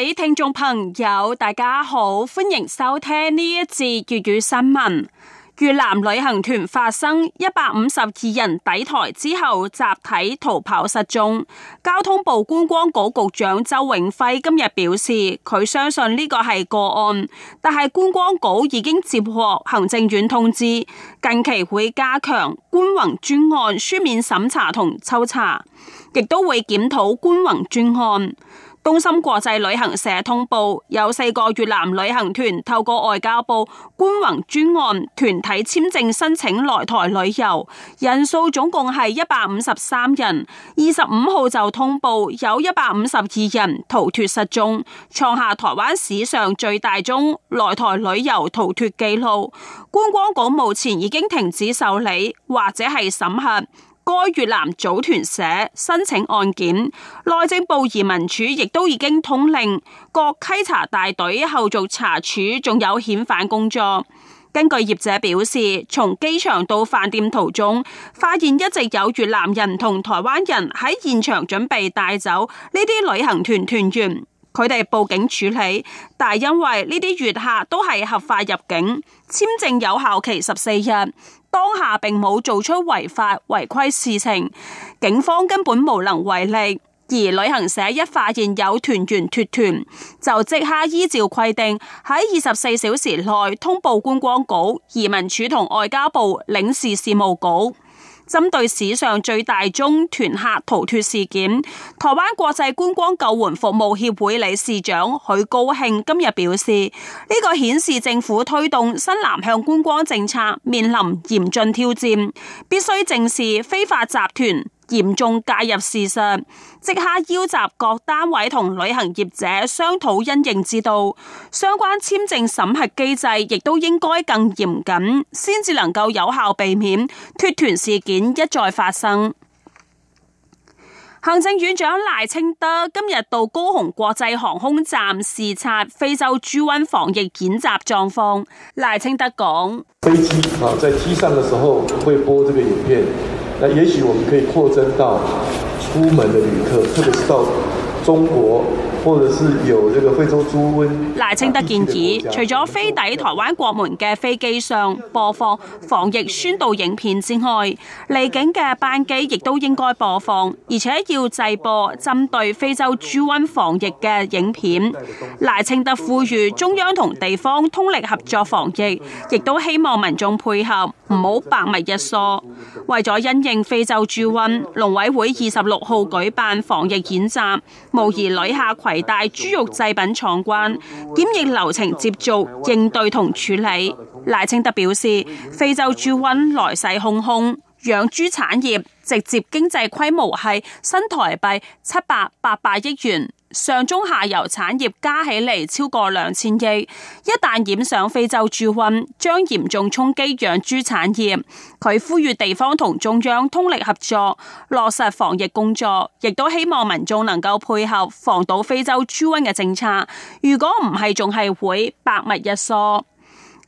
各位聽眾朋友，大家好，歡迎收聽呢一節粵語新聞。越南旅行團發生一百五十二人抵台之後集體逃跑失蹤，交通部觀光局局長周永輝今日表示，佢相信呢個係個案，但係觀光局已經接獲行政院通知，近期會加強觀宏專案書面審查同抽查，亦都會檢討觀宏專案。東森國際旅行社通報，有四個越南旅行團透過外交部觀宏專案團體簽證申請來台旅遊，人數總共係一百五十三人。二十五號就通報有一百五十二人逃脱失蹤，創下台灣史上最大宗來台旅遊逃脱紀錄。觀光局目前已經停止受理或者係審核。該越南組團社申請案件，內政部移民署亦都已經通令各稽查大隊後續查處，仲有遣返工作。根據業者表示，從機場到飯店途中，發現一直有越南人同台灣人喺現場準備帶走呢啲旅行團團員。佢哋報警處理，但係因為呢啲越客都係合法入境，簽證有效期十四日，當下並冇做出違法違規事情，警方根本無能為力。而旅行社一發現有團員脫團，就即刻依照規定喺二十四小時內通報觀光局、移民署同外交部領事事務局。針對史上最大宗團客逃脫事件，台灣國際觀光救援服務協會理事長許高慶今日表示：呢、這個顯示政府推動新南向觀光政策面臨嚴峻挑戰，必須正視非法集團。嚴重介入事實，即刻邀集各單位同旅行業者商討因應之道。相關簽證審核機制亦都應該更嚴謹，先至能夠有效避免脱團事件一再發生。行政院長賴清德今日到高雄國際航空站視察非洲豬瘟防疫檢查狀況。賴清德講：飛機啊，在機上嘅時候會播這個影片。那也許我們可以擴增到出門的旅客，特別是到中國，或者是有這個非洲豬瘟。賴清德建議，除咗飛抵台灣國門嘅飛機上播放防疫宣導影片之外，離境嘅班機亦都應該播放，而且要製播針對非洲豬瘟防疫嘅影片。賴清德呼籲中央同地方通力合作防疫，亦都希望民眾配合。唔好百密一疏，為咗因應非洲豬瘟，農委會二十六號舉辦防疫演習，模擬旅客攜帶豬肉製品闖關，檢疫流程接續應對同處理。賴清德表示，非洲豬瘟來勢洶洶。養豬產業直接經濟規模係新台幣七百八百億元，上中下游產業加起嚟超過兩千億。一旦染上非洲豬瘟，將嚴重衝擊養豬產業。佢呼籲地方同中央通力合作，落實防疫工作，亦都希望民眾能夠配合防堵非洲豬瘟嘅政策。如果唔係，仲係會百密一疏。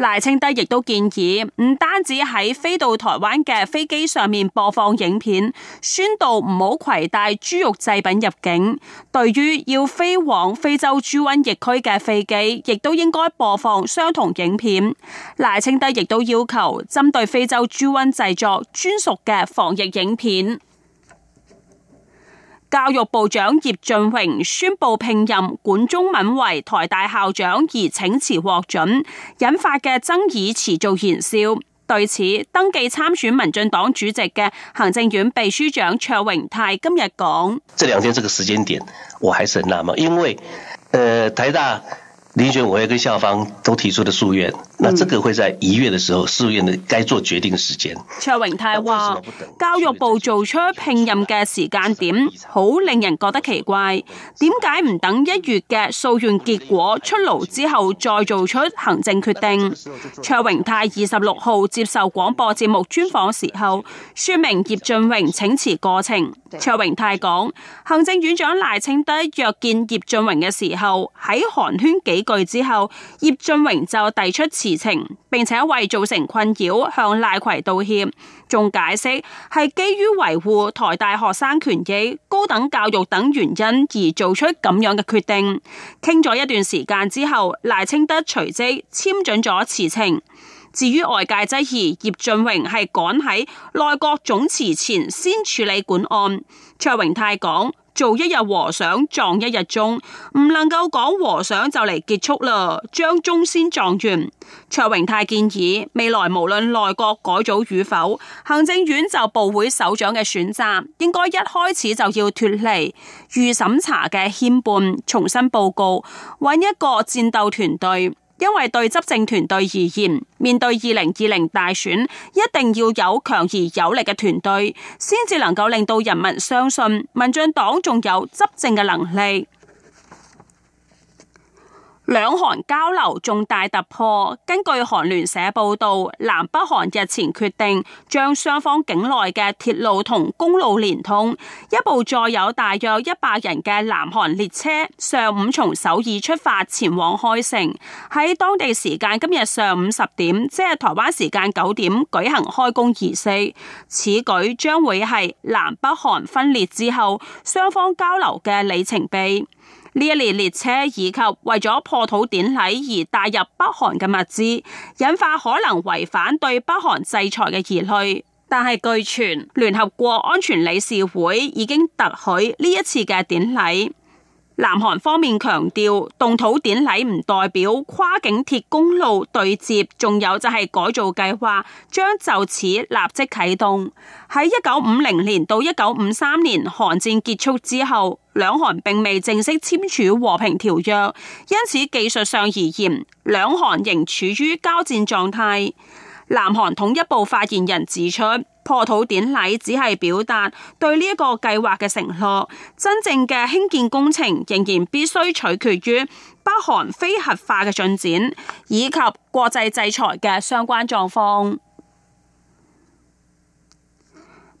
賴清德亦都建議，唔單止喺飛到台灣嘅飛機上面播放影片，宣導唔好攜帶豬肉製品入境。對於要飛往非洲豬瘟疫區嘅飛機，亦都應該播放相同影片。賴清德亦都要求，針對非洲豬瘟製作專屬嘅防疫影片。教育部長葉俊榮宣布聘任管中閔為台大校長而請辭獲准，引發嘅爭議持續延燒。對此，登記參選民進黨主席嘅行政院秘書長卓榮泰今日講：，這兩天這個時間點，我還是很納悶，因為，誒、呃，台大。遴選委員會跟校方都提出的訴願，那這個會在一月的時候訴願的該做決定嘅時間。卓榮泰話：，教育部做出聘任嘅時間點，好、嗯、令人覺得奇怪。點解唔等一月嘅訴願結果出爐之後再做出行政決定？卓榮泰二十六號接受廣播節目專訪時候，說明葉俊榮請辭過程。卓榮泰講：，行政院長賴清德約見葉俊榮嘅時候，喺寒暄幾。句之後，葉俊榮就提出辭呈，並且為造成困擾向賴揆道歉，仲解釋係基於維護台大學生權益、高等教育等原因而做出咁樣嘅決定。傾咗一段時間之後，賴清德隨即簽準咗辭呈。至於外界質疑葉俊榮係趕喺內閣總辭前先處理管案，卓榮泰講。做一日和尚撞一日鐘，唔能夠講和尚就嚟結束啦。將鐘先撞完，卓榮泰建議未來無論內閣改組與否，行政院就部會首長嘅選擇應該一開始就要脫離預審查嘅牽絆，重新報告，揾一個戰鬥團隊。因為對執政團隊而言，面對二零二零大選，一定要有強而有力嘅團隊，先至能夠令到人民相信民進黨仲有執政嘅能力。兩韓交流重大突破。根據韓聯社報道，南北韓日前決定將雙方境內嘅鐵路同公路連通。一部載有大約一百人嘅南韓列車上午從首爾出發前往開城。喺當地時間今日上午十點，即係台灣時間九點舉行開工儀式。此舉將會係南北韓分裂之後雙方交流嘅里程碑。呢一列列車以及為咗破土典禮而帶入北韓嘅物資，引發可能違反對北韓制裁嘅疑慮。但係據傳聯合國安全理事會已經特許呢一次嘅典禮。南韓方面強調，動土典禮唔代表跨境鐵公路對接，仲有就係改造計劃將就此立即啟動。喺一九五零年到一九五三年，韓戰結束之後。兩韓並未正式簽署和平條約，因此技術上而言，兩韓仍處於交戰狀態。南韓統一部發言人指出，破土典禮只係表達對呢一個計劃嘅承諾，真正嘅興建工程仍然必須取決於北韓非核化嘅進展，以及國際制裁嘅相關狀況。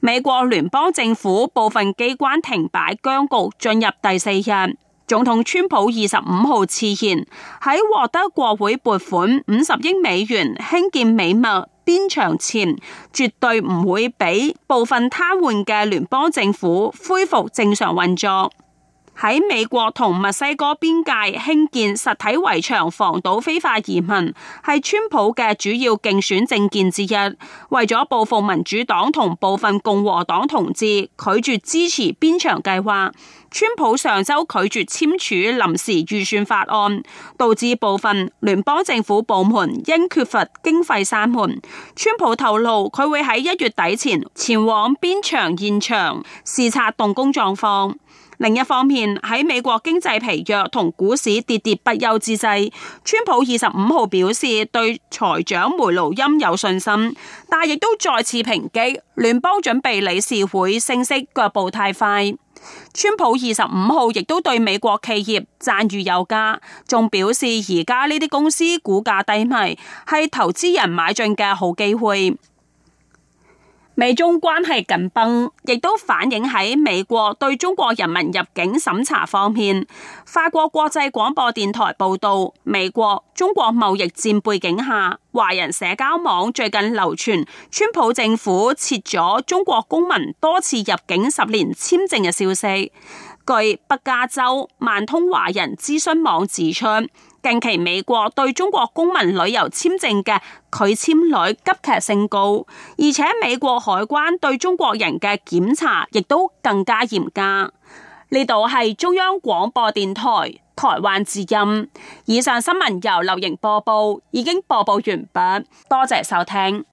美國聯邦政府部分機關停擺僵局進入第四日，總統川普二十五號誓言喺獲得國會撥款五十億美元興建美墨邊牆前，絕對唔會俾部分癱瘓嘅聯邦政府恢復正常運作。喺美國同墨西哥邊界興建實體圍牆，防堵非法移民，係川普嘅主要競選政見之一。為咗報復民主黨同部分共和黨同志拒絕支持邊牆計劃，川普上周拒絕簽署臨時預算法案，導致部分聯邦政府部門因缺乏經費閂門。川普透露，佢會喺一月底前前往邊牆現場視察動工狀況。另一方面，喺美國經濟疲弱同股市跌跌不休之際，川普二十五號表示對財長梅努欽有信心，但亦都再次抨擊聯邦準備理事會升息腳步太快。川普二十五號亦都對美國企業讚譽有加，仲表示而家呢啲公司股價低迷，係投資人買進嘅好機會。美中關係緊繃，亦都反映喺美國對中國人民入境審查方面。法國國際廣播電台報道，美國中國貿易戰背景下，華人社交網最近流傳川普政府撤咗中國公民多次入境十年簽證嘅消息。據北加州萬通華人諮詢網指出。近期美國對中國公民旅遊簽證嘅拒簽率急劇升高，而且美國海關對中國人嘅檢查亦都更加嚴格。呢度係中央廣播電台台灣之音。以上新聞由流瑩播報，已經播報完畢，多謝收聽。